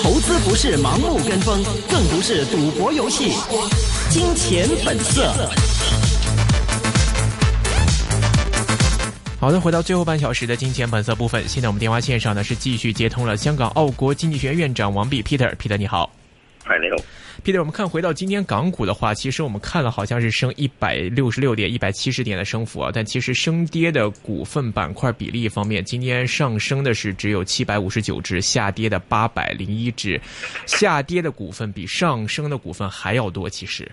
投資不是盲目跟風，更不是賭博遊戲。金錢本色。好的，回到最後半小時的金錢本色部分。現在我們電話線上呢是繼續接通了香港奧國經濟學院院長王弼 Peter，Peter 你好。嗨，你好。Peter，我們看回到今天港股的話，其實我們看了好像是升一百六十六點、一百七十點的升幅啊，但其實升跌的股份板塊比例方面，今天上升的是只有七百五十九隻，下跌的八百零一隻，下跌的股份比上升的股份還要多。其實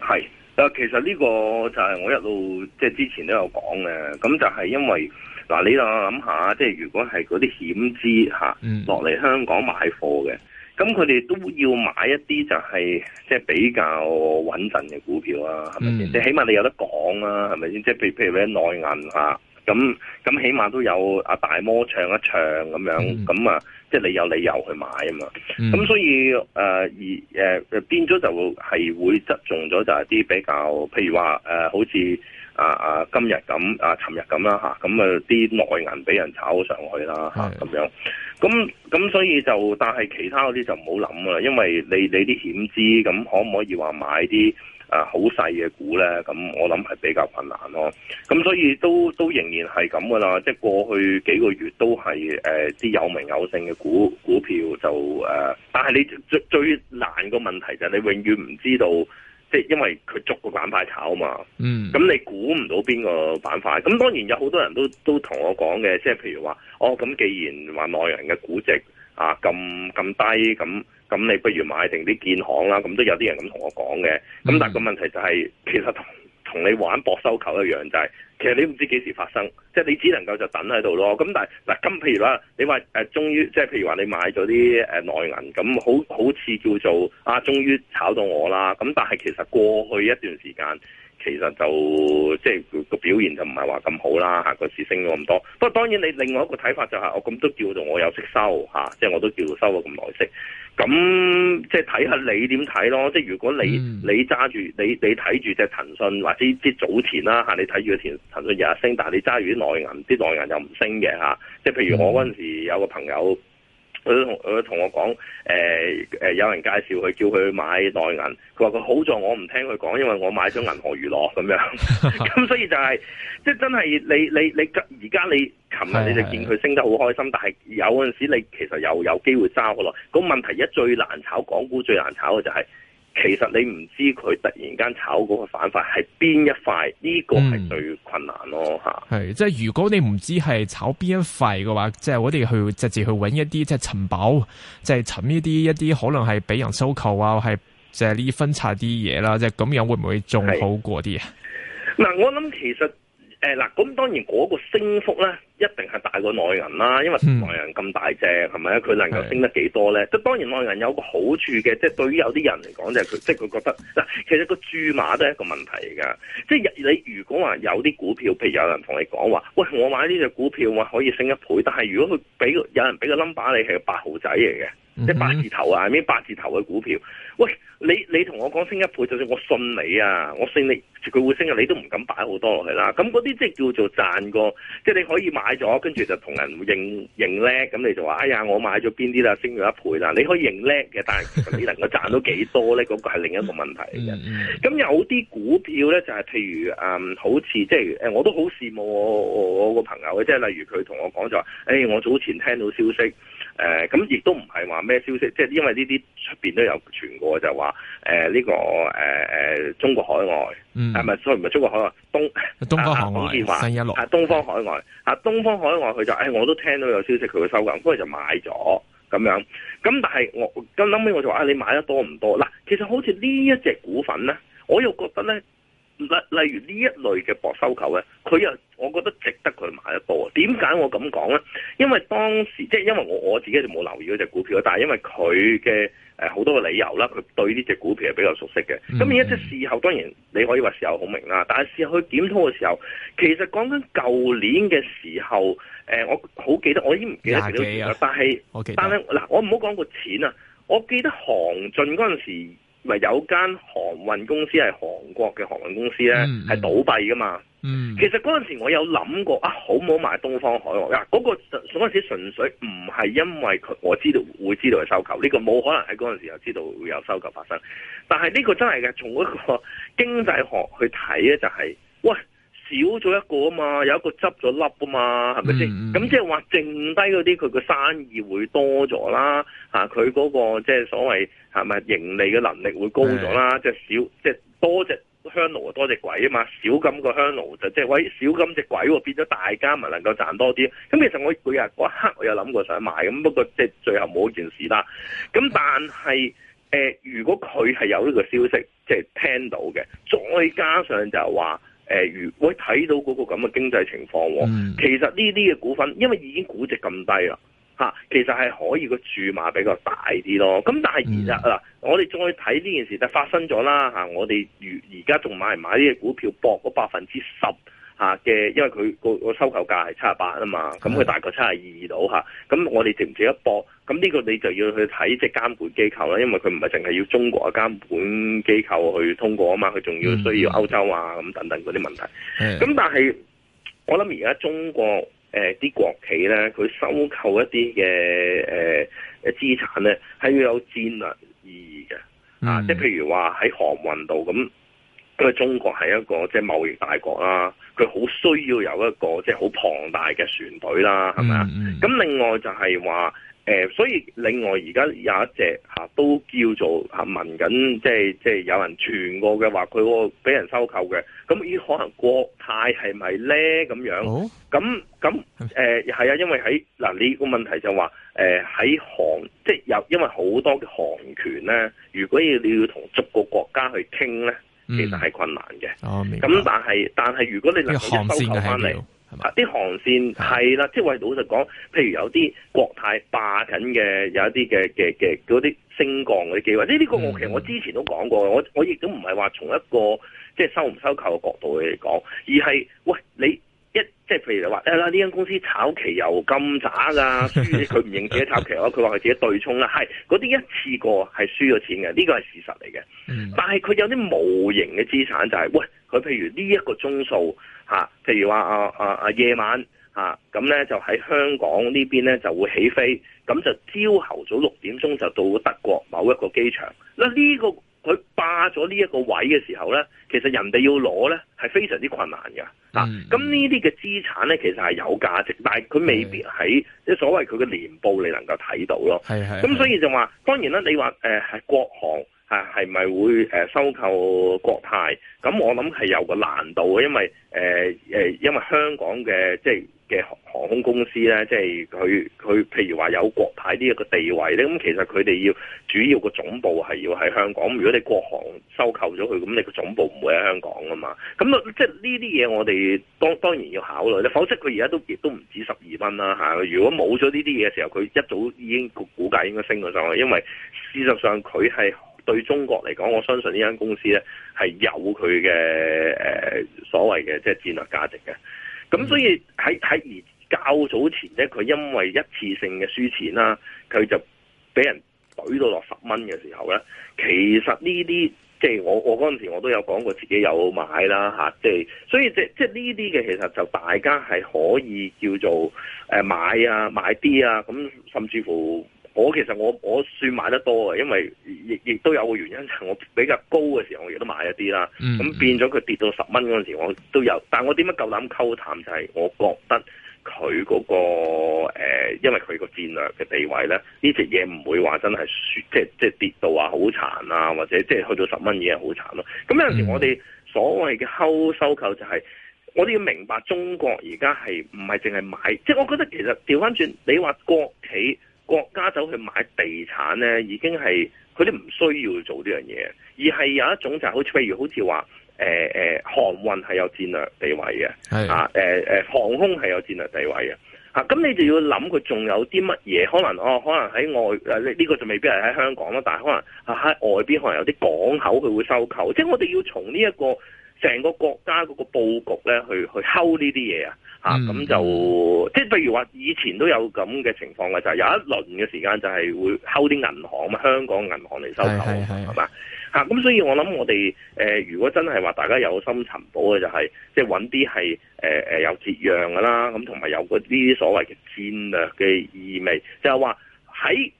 係，嗱，其實呢個就係我一路即係之前都有講嘅，咁就係因為嗱，你諗下，即係如果係嗰啲險資吓落嚟香港買貨嘅。嗯咁佢哋都要買一啲就係即係比較穩陣嘅股票啊，係咪先？即、嗯、係起碼你有得講啊，係咪先？即係譬譬如你喺內銀啊，咁咁起碼都有阿大摩唱一唱咁樣，咁、嗯、啊，即係、就是、你有理由去買啊嘛。咁、嗯、所以誒、呃、而誒、呃、變咗就係會側重咗就係啲比較，譬如話誒、呃、好似。啊啊！今日咁啊，尋日咁啦嚇，咁啊啲內銀俾人炒上去啦嚇，咁樣，咁咁所以就，但係其他嗰啲就唔好諗啦，因為你你啲險資咁可唔可以話買啲啊好細嘅股咧？咁我諗係比較困難咯。咁所以都都仍然係咁噶啦，即係過去幾個月都係誒啲有名有姓嘅股股票就誒、呃，但係你最最難個問題就係你永遠唔知道。即係因為佢逐個板塊炒嘛，咁、嗯、你估唔到邊個板塊？咁當然有好多人都都同我講嘅，即係譬如話，哦，咁既然話內人嘅估值啊咁咁低，咁咁你不如買定啲建行啦，咁都有啲人咁同我講嘅。咁、嗯、但係個問題就係、是，其實。同你玩博收購一樣，就係其實你唔知幾時發生，即係你只能夠就等喺度咯。咁但係嗱，咁譬如啦，你話誒終於即係譬如話你買咗啲誒內銀，咁好好似叫做啊終於炒到我啦。咁但係其實過去一段時間。其實就即係個表現就唔係話咁好啦，下個市升咗咁多。不過當然你另外一個睇法就係、是，我咁都叫做我有息收、啊、即係我都叫做收咗咁耐息。咁即係睇下你點睇咯。即係如果你你揸住你你睇住隻騰訊或者啲早前啦、啊、你睇住個騰騰訊日日升，但係你揸住啲內銀，啲內銀又唔升嘅、啊、即係譬如我嗰陣時有個朋友。佢同佢同我講，誒、呃、誒、呃、有人介紹佢叫佢買內銀，佢話佢好在我唔聽佢講，因為我買咗銀河娛樂咁樣，咁 所以就係、是、即係真係你你你而家你琴日你就見佢升得好開心，是是但係有陣時你其實又有機會蝕咯。那個問題，一最難炒港股最難炒嘅就係、是。其實你唔知佢突然間炒嗰個板塊係邊一塊，呢、這個係最困難咯，吓、嗯。係，即係如果你唔知係炒邊一塊嘅話，即係我哋去直接去揾一啲即係尋寶，即係尋呢啲一啲可能係俾人收購啊，係即係呢啲分拆啲嘢啦，即係咁樣會唔會仲好過啲啊？嗱，我諗其實誒，嗱、呃，咁當然嗰個升幅咧。一定係大過內銀啦，因為內銀咁大隻，係咪啊？佢能夠升得幾多咧？即當然內銀有個好處嘅，即係對於有啲人嚟講就係佢，即係佢覺得嗱，其實個注碼都係一個問題㗎。即係你如果話有啲股票，譬如有人同你講話，喂，我買呢隻股票我可以升一倍，但係如果佢俾有人俾個 number 你係個八號仔嚟嘅，即係八字頭啊，咩八字頭嘅股票，喂，你你同我講升一倍，就算我信你啊，我信你，佢會升你都唔敢擺好多落去啦。咁嗰啲即係叫做賺過，即係你可以買。買咗，跟住就同人認認叻，咁你就話：哎呀，我買咗邊啲啦，升咗一倍啦！你可以認叻嘅，但係你能夠賺到幾多咧？嗰 個係另一個問題嚟嘅。咁 有啲股票咧，就係、是、譬如誒、嗯，好似即係誒，我都好羨慕我我個朋友嘅，即係例如佢同我講就話：誒、哎，我早前聽到消息。誒、呃，咁亦都唔係話咩消息，即係因為呢啲出邊都有傳過，就話誒呢個誒誒、呃、中國海外，係、嗯、咪？所以唔係中國海外東東方海外新一六，東方海外啊，啊，東方海外佢就誒，我都聽到有消息佢會收緊，所以就買咗咁樣。咁但係我咁諗起我就話、啊，你買得多唔多？嗱，其實好似呢一隻股份咧，我又覺得咧。例例如呢一類嘅博收購咧，佢又我覺得值得佢買一個。點解我咁講咧？因為當時即係因為我我自己就冇留意嗰隻股票，但係因為佢嘅好多嘅理由啦，佢對呢隻股票係比較熟悉嘅。咁、嗯、而家即係事後、嗯、當然你可以話事後好明啦，但係事後佢檢討嘅時候，其實講緊舊年嘅時候，呃、我好記得，我已經唔記，記得幾多字啦。但係但係嗱，我唔好講個錢啊！我記得行進嗰陣時。咪有間航運公司係韓國嘅航運公司咧，係、嗯、倒閉噶嘛、嗯。其實嗰陣時我有諗過，啊好唔好買東方海運。嗱、嗰個，嗰、嗰個嗰陣時純粹唔係因為佢我知道會知道收購，呢、呢個冇可能喺嗰陣時又知道會有收購發生。但係呢個真係嘅，從一個經濟學去睇咧、就係，就係喂。少咗一個啊嘛，有一個執咗粒啊嘛，係咪先？咁即係話剩低嗰啲佢個生意會多咗啦，吓佢、啊、嗰、嗰個即係、即係、所謂係咪盈利嘅能力會高咗啦？即係少即係多隻香爐多隻鬼啊嘛，少咁個香爐就即、係、係喂，少咁隻鬼、啊、變咗大家咪能夠賺多啲。咁其實我嗰日嗰刻我有諗過想買，咁不過即係最後冇件事啦。咁但係、呃、如果佢係有呢個消息即係、即係、聽到嘅，再加上就係話。誒、呃，如果睇到嗰個咁嘅經濟情況、哦嗯，其實呢啲嘅股份，因為已經估值咁低啦，嚇，其實係可以個注碼比較大啲咯。咁但係而家嗱，我哋再睇呢件事，就發生咗啦嚇。我哋如而家仲買唔買呢啲股票，搏個百分之十？嚇嘅，因為佢個個收購價係七十八啊嘛，咁佢大概七十二到嚇，咁我哋值唔值一搏？咁呢個你就要去睇即係監管機構啦，因為佢唔係淨係要中國嘅監管機構去通過啊嘛，佢仲要需要歐洲啊咁等等嗰啲問題。咁、嗯嗯、但係我諗而家中國誒啲、呃、國企咧，佢收購一啲嘅誒誒資產咧，係要有戰略意義嘅、嗯，啊，即係譬如話喺航運度咁。嗯。因為中國係一個即係貿易大國啦，佢好需要有一個即係好龐大嘅船隊啦，係咪啊？咁、嗯嗯、另外就係話誒，所以另外而家有一隻嚇、啊、都叫做嚇問緊，即係即係有人傳過嘅話，佢嗰個俾人收購嘅，咁依可能國泰係咪咧？咁樣，咁咁誒係啊？因為喺嗱，你、啊呢個問題就話誒喺航，即係有因為好多嘅航權咧，如果要你要同逐個國家去傾咧。其實係困難嘅，咁、嗯哦、但係但係如果你能夠收購翻嚟，啲、這、航、個、綫係啦，即係喂老實講，譬如有啲國泰霸緊嘅，有一啲嘅嘅嘅啲升降嘅啲機會，呢、嗯、呢、這個我其實我之前都講過，我我亦都唔係話從一個即係、就是、收唔收購嘅角度去講，而係喂你。一即係譬如話誒啦，呢、哎、間公司炒期油咁渣噶，佢唔認自己炒期油佢話佢自己對沖啦。係嗰啲一次過係輸咗錢嘅，呢個係事實嚟嘅。但係佢有啲無形嘅資產就係、是，喂，佢譬如呢一個鐘數吓，譬如話啊啊啊夜晚吓，咁、啊、咧就喺香港這邊呢邊咧就會起飛，咁就朝頭早六點鐘就到德國某一個機場。嗱、啊、呢、這個。佢霸咗呢一個位嘅時候咧，其實人哋要攞咧係非常之困難嘅。嗱、嗯，咁呢啲嘅資產咧，其實係有價值，但係佢未必喺即係所謂佢嘅年報你能夠睇到咯。係，係。咁所以就話，當然啦，你話誒係國行。係咪會誒收購國泰？咁我諗係有個難度嘅，因為誒誒、呃，因為香港嘅即係嘅航空公司咧，即係佢佢譬如話有國泰呢個地位咧。咁其實佢哋要主要個總部係要喺香港。如果你國航收購咗佢，咁你個總部唔會喺香港啊嘛。咁啊，即係呢啲嘢我哋當當然要考慮。否則佢而家都亦都唔止十二蚊啦嚇。如果冇咗呢啲嘢嘅時候，佢一早已經股價應該升咗上去。因為事實上佢係。對中國嚟講，我相信呢間公司咧係有佢嘅，誒所謂嘅即係戰略價值嘅。咁、嗯、所以喺喺而較早前咧，佢因為一次性嘅輸錢啦、啊，佢就俾人懟到落十蚊嘅時候咧，其實呢啲即係我我嗰陣時候我都有講過自己有買啦吓，即、啊、係、就是、所以即即呢啲嘅，其實就大家係可以叫做誒買啊買啲啊咁甚至乎。我其實我我算買得多嘅，因為亦亦都有個原因，就係我比較高嘅時候，我亦都買一啲啦。咁、嗯、變咗佢跌到十蚊嗰陣時，我都有。但係我點解夠膽溝淡？就係、是、我覺得佢嗰、那個、呃、因為佢個戰略嘅地位咧，呢隻嘢唔會話真係即即跌到啊好慘啊，或者即去到十蚊嘢好慘咯。咁有陣時我哋所謂嘅溝收購就係、是、我哋要明白中國而家係唔係淨係買？即係我覺得其實調翻轉，你話國企。國家走去買地產咧，已經係佢哋唔需要做呢樣嘢，而係有一種就係好似譬如好似話誒誒，航運係有戰略地位嘅，係啊誒誒，航空係有戰略地位嘅，吓咁你就要諗佢仲有啲乜嘢？可能哦，可能喺外誒呢個就未必係喺香港啦，但係可能喺外邊可能有啲港口佢會收購，即係我哋要從呢一個。成個國家嗰個佈局咧，去去 hold 呢啲嘢啊，咁就即係譬如話，以前都有咁嘅情況嘅，就係、係、有一輪嘅時間就係會 hold 啲銀行啊，香港銀行嚟收購，係咪？嘛、啊、咁，所以我諗我哋、呃、如果真係話大家有心尋寶嘅、就係，就係即係揾啲係誒有折讓㗎啦，咁同埋有嗰啲所謂嘅戰略嘅意味，就係話喺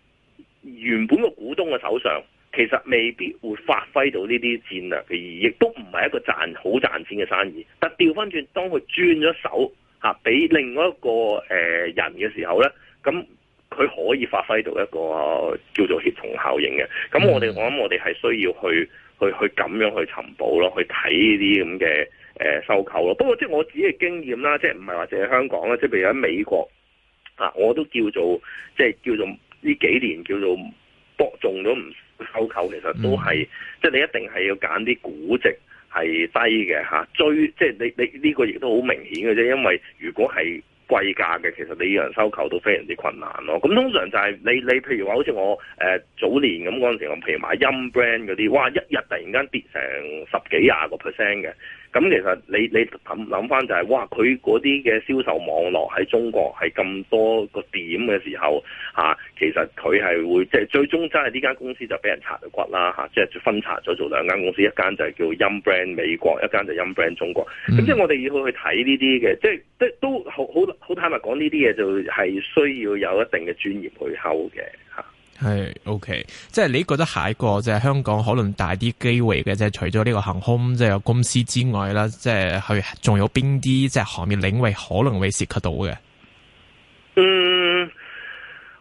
原本個股東嘅手上。其實未必會發揮到呢啲戰略嘅意義，亦都唔係一個賺好賺錢嘅生意。但調翻轉，當佢轉咗手吓俾另外一個誒人嘅時候咧，咁佢可以發揮到一個叫做協同效應嘅。咁我哋我諗，我哋係需要去去去咁樣去尋寶咯，去睇呢啲咁嘅誒收購咯。不過即係我自己嘅經驗啦，即係唔係話淨係香港啦，即係譬如喺美國啊，我都叫做即係叫做呢幾年叫做博中咗唔。收購其實都係，即係你一定係要揀啲估值係低嘅吓，追即係你你呢個亦都好明顯嘅啫，因為如果係貴價嘅，其實你要人收購都非常之困難咯。咁通常就係你你譬如話，好似我誒早年咁嗰陣時，我譬如買 Yum Brand 嗰啲，哇，一日突然間跌成十幾廿個 percent 嘅。咁其實你你諗返翻就係、是、哇，佢嗰啲嘅銷售網絡喺中國係咁多個點嘅時候，啊、其實佢係會即係、就是、最終真係呢間公司就俾人拆咗骨啦，即係、啊就是、分拆咗做兩間公司，一間就係叫 Yum Brand 美國，一間就 Yum Brand 中國。咁即係我哋要去睇呢啲嘅，即、就、係、是、都都好好好坦白講呢啲嘢就係需要有一定嘅專業去溝嘅吓。係 OK，即係你覺得下一個即係、就是、香港可能大啲機會嘅，即、就、係、是、除咗呢個航空即係、就是、有公司之外啦，即係去仲有邊啲即係行業領域可能會涉及到嘅。嗯，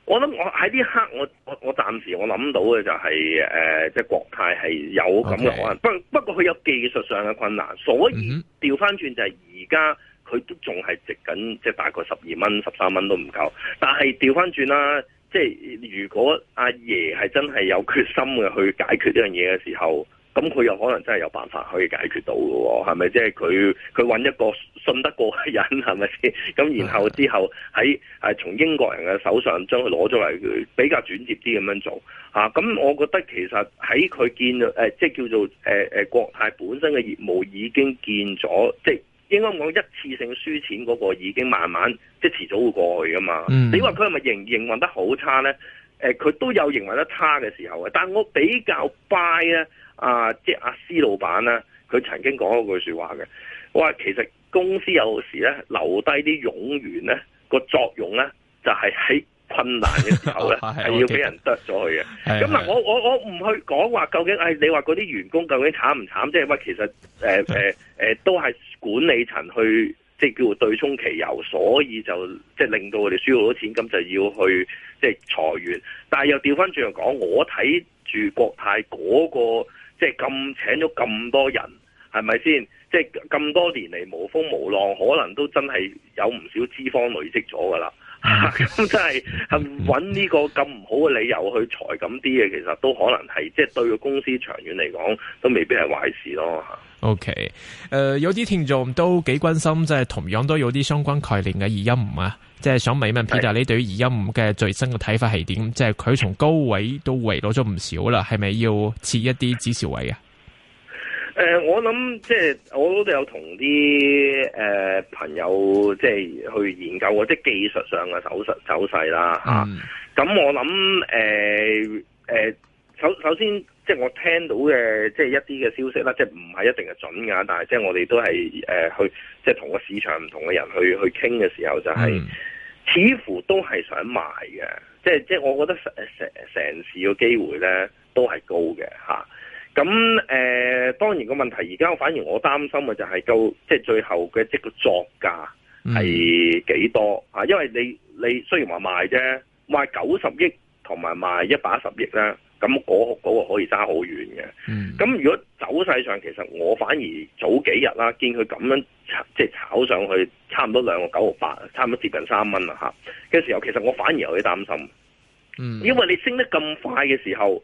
我諗我喺呢一刻，我我我暫時我諗到嘅就係、是、誒、即、呃、係、就是、國泰係有咁嘅可能，okay。不不過佢有技術上嘅困難，所以調翻轉就係而家佢都仲係值緊，即、就、係、是、大概十二蚊、十三蚊都唔夠，但係調翻轉啦。即係如果阿爺係真係有決心嘅去解決呢樣嘢嘅時候，咁佢又有可能真係有辦法可以解決到嘅喎，係咪？即係佢佢搵一個信得過嘅人，係咪先？咁然後之後喺從、啊、英國人嘅手上將佢攞咗嚟比較轉接啲咁樣做嚇。咁、啊、我覺得其實喺佢見誒，即係叫做、呃、國泰本身嘅業務已經見咗，即係。應該講一次性輸錢嗰個已經慢慢即係遲早會過去㗎嘛。嗯、你話佢係咪營營運得好差咧？誒、呃，佢都有營運得差嘅時候嘅。但係我比較 buy 咧、啊，啊，即係阿施老闆咧，佢曾經講過句説話嘅，我話其實公司有時咧留低啲冗員咧個作用咧，就係、是、喺困難嘅時候咧係 要俾人得咗佢嘅。咁 啊，我我我唔去講話究竟係、哎、你話嗰啲員工究竟慘唔慘？即係喂，其實誒誒誒都係。管理層去即係叫對沖期油，所以就即係令到佢哋輸好多錢，咁就要去即係裁員。但係又調翻轉嚟講，我睇住國泰嗰個即係咁請咗咁多人，係咪先？即係咁多年嚟無風無浪，可能都真係有唔少脂肪累積咗㗎啦。咁真係係搵呢個咁唔好嘅理由去裁咁啲嘢，其實都可能係即係對個公司長遠嚟講都未必係壞事咯。OK，誒、呃，有啲聽眾都幾關心，即、就、係、是、同樣都有啲相關概念嘅二一五啊，即、就、係、是、想問一問 Peter，你對於二一五嘅最新嘅睇法係點？即係佢從高位都圍到咗唔少啦，係咪要設一啲止蝕位啊？誒、呃，我諗即係我都有同啲誒朋友即係去研究，或係技術上嘅手勢勢啦吓。咁、嗯啊、我諗誒誒，首首先即係我聽到嘅即係一啲嘅消息啦，即係唔係一定係準㗎，但係即係我哋都係誒去即係同個市場唔同嘅人去去傾嘅時候、就係，就、嗯、係似乎都係想賣嘅。即係即係我覺得成成成市嘅機會呢都係高嘅吓。啊咁誒、呃，當然個問題，而家我反而我擔心嘅就係，夠即係最後嘅即個作價係幾多，嗯、因為你你雖然話賣啫，賣九十億同埋賣一百一十億咧，咁嗰嗰個可以差好遠嘅。咁、嗯、如果走勢上，其實我反而早幾日啦、啊，見佢咁樣即係、就是、炒上去，差唔多兩個九毫八，差唔多接近三蚊啦嚇，嘅時候，其實我反而有啲擔心、嗯，因為你升得咁快嘅時候。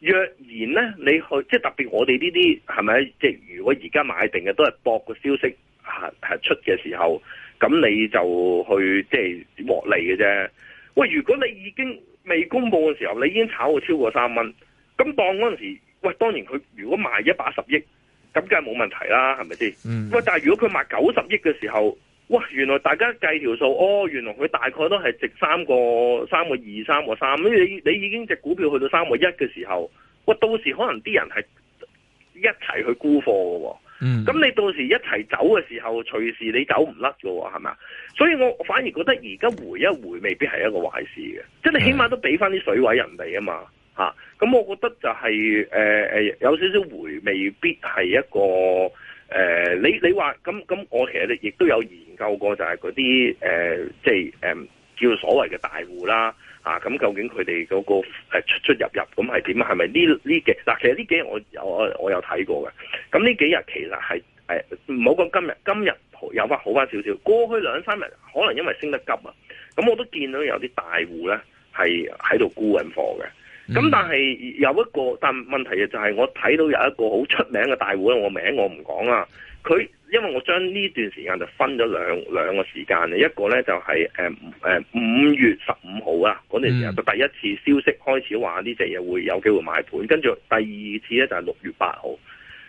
若然咧，你去即係特別我，我哋呢啲係咪？即係如果而家買定嘅都係博個消息、啊啊、出嘅時候，咁你就去即係獲利嘅啫。喂，如果你已經未公佈嘅時候，你已經炒過超過三蚊，咁當嗰陣時，喂，當然佢如果賣一百十億，咁梗係冇問題啦，係咪先？嗯。喂，但係如果佢賣九十億嘅時候，哇！原來大家計條數，哦，原來佢大概都係值三個三個二三個三，咁你你已經隻股票去到三個一嘅時候，哇！到時可能啲人係一齊去沽貨嘅，嗯，咁你到時一齊走嘅時候，隨時你走唔甩嘅，係咪啊？所以我反而覺得而家回一回未必係一個壞事嘅，即係你起碼都俾翻啲水位人哋啊嘛，嚇！咁我覺得就係誒誒有少少回未必係一個誒。你你話咁咁，我其實亦都有研究過就，就係嗰啲誒，即係誒、呃、叫所謂嘅大戶啦，啊咁究竟佢哋嗰個出出入入咁係點？係咪呢呢幾嗱、啊？其實呢幾日我我我有睇過嘅。咁呢幾日其實係唔好講今日，今日有翻好翻少少。過去兩三日可能因為升得急啊，咁我都見到有啲大戶咧係喺度沽緊貨嘅。咁但係有一個，但問題就係我睇到有一個好出名嘅大戶咧，我名我唔講啦。佢因為我將呢段時間就分咗兩兩,兩個時間嘅，一個咧就係誒誒五月十五號啊嗰段時間，就第一次消息開始話呢隻嘢會有機會買盤，跟住第二次咧就係、是、六月八號。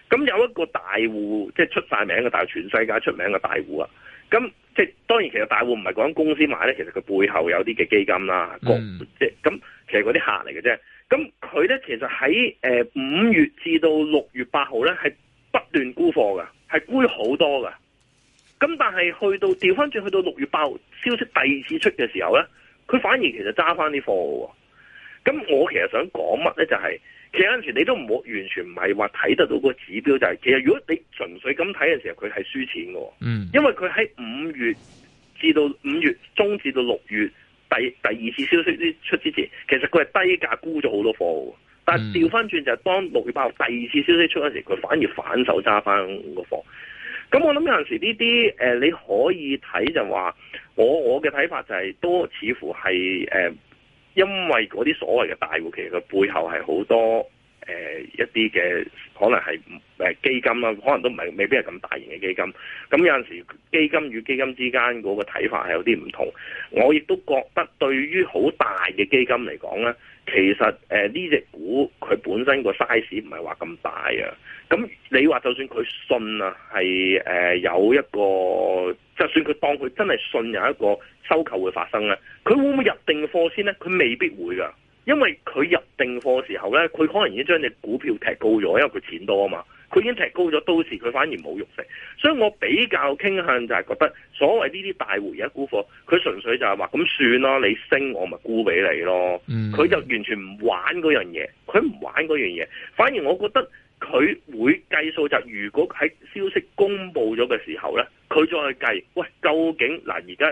咁有一個大戶，即係出晒名嘅大戶，全世界出名嘅大戶啊。咁即係當然其實大戶唔係講公司買咧，其實佢背後有啲嘅基金啦，嗯、即係咁，其實嗰啲客嚟嘅啫。咁佢咧其實喺誒五月至到六月八號咧，係不斷沽貨㗎。係沽好多噶，咁但係去到調翻轉，去到六月爆消息第二次出嘅時候呢，佢反而其實揸翻啲貨喎。咁我其實想講乜呢？就係、是、其實有陣時你都唔好完全唔係話睇得到個指標，就係、是、其實如果你純粹咁睇嘅時候，佢係輸錢喎、嗯，因為佢喺五月至到五月中至到六月第第二次消息出之前，其實佢係低價沽咗好多貨。但係調翻轉，就係當六月八號第二次消息出嗰時，佢反而反手揸翻個貨。咁我諗有陣時呢啲誒，你可以睇，就係話我我嘅睇法就係、是、都似乎係誒、呃，因為嗰啲所謂嘅大戶，其實佢背後係好多誒、呃、一啲嘅可能係誒基金啦，可能都唔係未必係咁大型嘅基金。咁有陣時基金與基金之間嗰個睇法係有啲唔同。我亦都覺得對於好大嘅基金嚟講咧。其實誒呢、呃、隻股佢本身個 size 唔係話咁大啊，咁你話就算佢信啊係誒有一個，就算佢當佢真係信有一個收購會發生咧，佢會唔會入定貨先咧？佢未必會噶因為佢入定貨嘅時候咧，佢可能已經將隻股票踢高咗，因為佢錢多啊嘛。佢已經踢高咗，到時佢反而冇肉食，所以我比較傾向就係覺得，所謂呢啲大戶而家沽貨，佢純粹就係話咁算囉。你升我咪沽俾你咯，佢、嗯、就完全唔玩嗰樣嘢，佢唔玩嗰樣嘢，反而我覺得佢會計數就是，如果喺消息公布咗嘅時候呢，佢再去計，喂，究竟嗱而家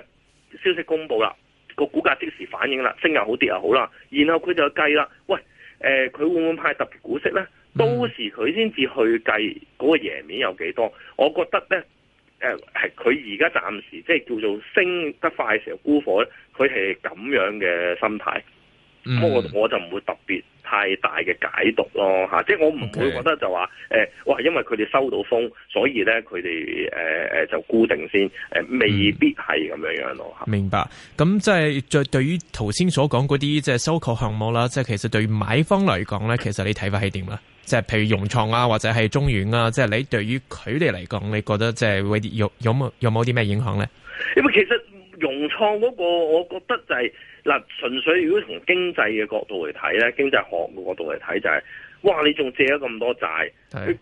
消息公布啦，個股價即時反應啦，升又好跌又好啦，然後佢就計啦，喂，佢、呃、會唔會派特別股息呢？ 到時佢先至去計嗰個贏面有幾多，我覺得呢，誒係佢而家暫時即係叫做升得快時候沽貨呢，佢係咁樣嘅心態。我、嗯、我就唔會特別太大嘅解讀咯吓，即係我唔會覺得就話誒，哇、okay. 呃，因為佢哋收到風，所以咧佢哋誒誒就固定先，誒、呃、未必係咁樣樣咯吓、嗯。明白。咁即係再對於頭先所講嗰啲即係收購項目啦，即、就、係、是、其實對買方嚟講咧，其實你睇法係點咧？即、就、係、是、譬如融創啊，或者係中遠啊，即、就、係、是、你對於佢哋嚟講，你覺得即係會有有冇有冇啲咩影響咧？因為其實。融創嗰個，我覺得就係、是、嗱，純粹如果從經濟嘅角度嚟睇咧，經濟學嘅角度嚟睇就係、是，哇！你仲借咗咁多債，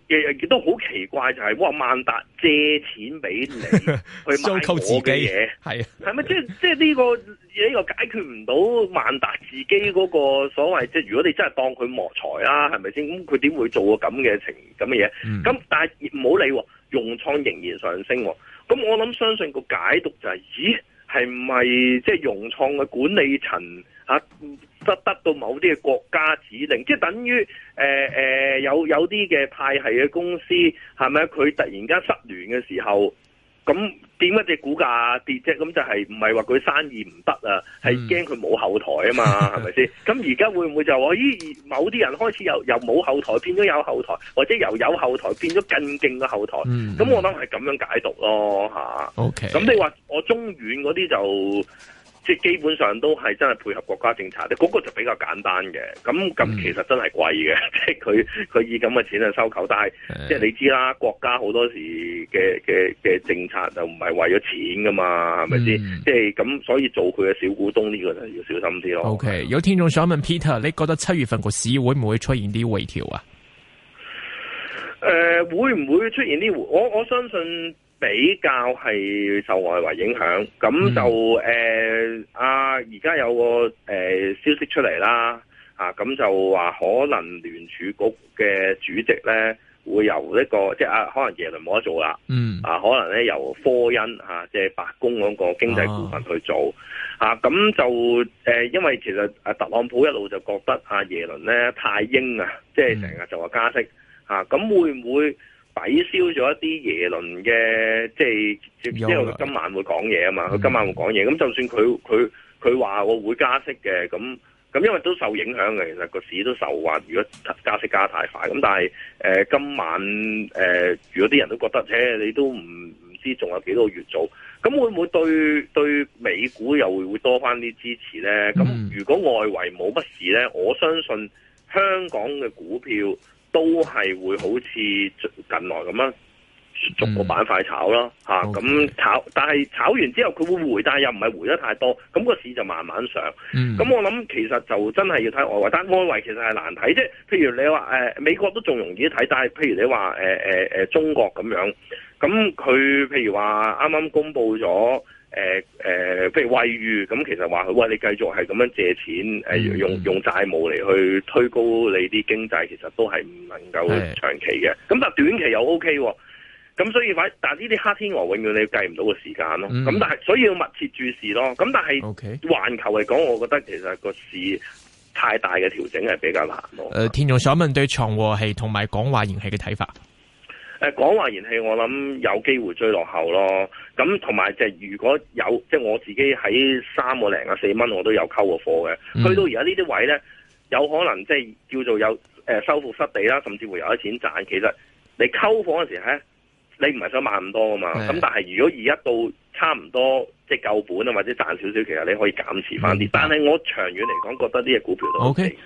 亦亦都好奇怪就係、是，哇！萬達借錢俾你去買我 收購自己嘢，係啊，係咪 即係即係、這、呢個呢、這個解決唔到萬達自己嗰個所謂即係，如果你真係當佢磨財啦，係咪先？咁佢點會做個咁嘅情咁嘅嘢？咁、嗯、但係唔好理，融創仍然上升。咁我諗相信個解讀就係、是，咦？係唔係即係融創嘅管理層啊，得得到某啲嘅國家指令，即係等於誒誒，有有啲嘅派系嘅公司係咪？佢突然間失聯嘅時候，咁。點解只股價跌啫，咁就係唔係話佢生意唔得啊？係驚佢冇後台啊嘛，係咪先？咁而家會唔會就話，咦？某啲人開始由由冇後台變咗有後台，或者由有後台變咗更勁嘅後台？咁、嗯、我諗係咁樣解讀咯，吓。O K. 咁你話我中遠嗰啲就。即係基本上都係真係配合國家政策，啲、那、嗰個就比較簡單嘅。咁咁其實真係貴嘅，即係佢佢以咁嘅錢去收購，但係即係你知啦，國家好多時嘅嘅嘅政策就唔係為咗錢噶嘛，係咪先？即係咁，所以做佢嘅小股東呢個就要小心啲咯。OK，有聽眾想問 Peter，你覺得七月份個市會唔會出現啲回調啊？誒、呃，會唔會出現啲回調？我我相信。比較係受外圍影響，咁就誒、嗯呃、啊，而家有個誒、呃、消息出嚟啦，啊咁就話可能聯儲局嘅主席咧會由一、這個即係啊，可能耶倫冇得做啦，嗯啊，可能咧由科恩吓即係白宮嗰個經濟顧問去做，啊咁、啊啊嗯、就誒、啊，因為其實阿特朗普一路就覺得阿耶倫咧太鷹啊，即係成日就話加息，吓、啊、咁、啊、會唔會？抵消咗一啲耶倫嘅，即係因為佢今晚會講嘢啊嘛，佢今晚會講嘢。咁、嗯、就算佢佢佢話我會加息嘅，咁咁因為都受影響嘅，其實個市都受話。如果加息加太快，咁但係誒、呃、今晚誒、呃，如果啲人都覺得、欸、你都唔唔知仲有幾多月做，咁會唔會對對美股又會多翻啲支持咧？咁、嗯、如果外圍冇乜事咧，我相信香港嘅股票。都係會好似近來咁樣，逐個板塊炒咯，吓、嗯、咁、啊 okay. 炒，但係炒完之後佢會回，但係又唔係回得太多，咁個市就慢慢上。咁、嗯、我諗其實就真係要睇外圍，但外圍其實係難睇啫。譬如你話誒、呃，美國都仲容易睇，但係譬如你話誒誒誒，中國咁樣，咁佢譬如話啱啱公布咗。誒、呃、誒、呃，譬如惠譽咁，其實話佢喂，你繼續係咁樣借錢，誒用用債務嚟去推高你啲經濟，其實都係唔能夠長期嘅。咁但係短期又 OK，咁所以話，但係呢啲黑天鵝永遠你計唔到個時間咯。咁、嗯、但係所以要密切注視咯。咁但係環球嚟講，我覺得其實個市太大嘅調整係比較難咯。誒、呃，田總想問對長和係同埋港華燃氣嘅睇法。誒講話燃氣，我諗有機會追落後咯。咁同埋即係如果有，即、就是、我自己喺三個零啊四蚊，我都有溝過貨嘅、嗯。去到而家呢啲位咧，有可能即係叫做有、呃、收復失地啦，甚至會有啲錢賺。其實你溝貨嘅時候咧，你唔係想買咁多噶嘛。咁但係如果而家到差唔多即係、就是、夠本啊，或者賺少少，其實你可以減持翻啲。但係我長遠嚟講，覺得呢隻股票都 OK。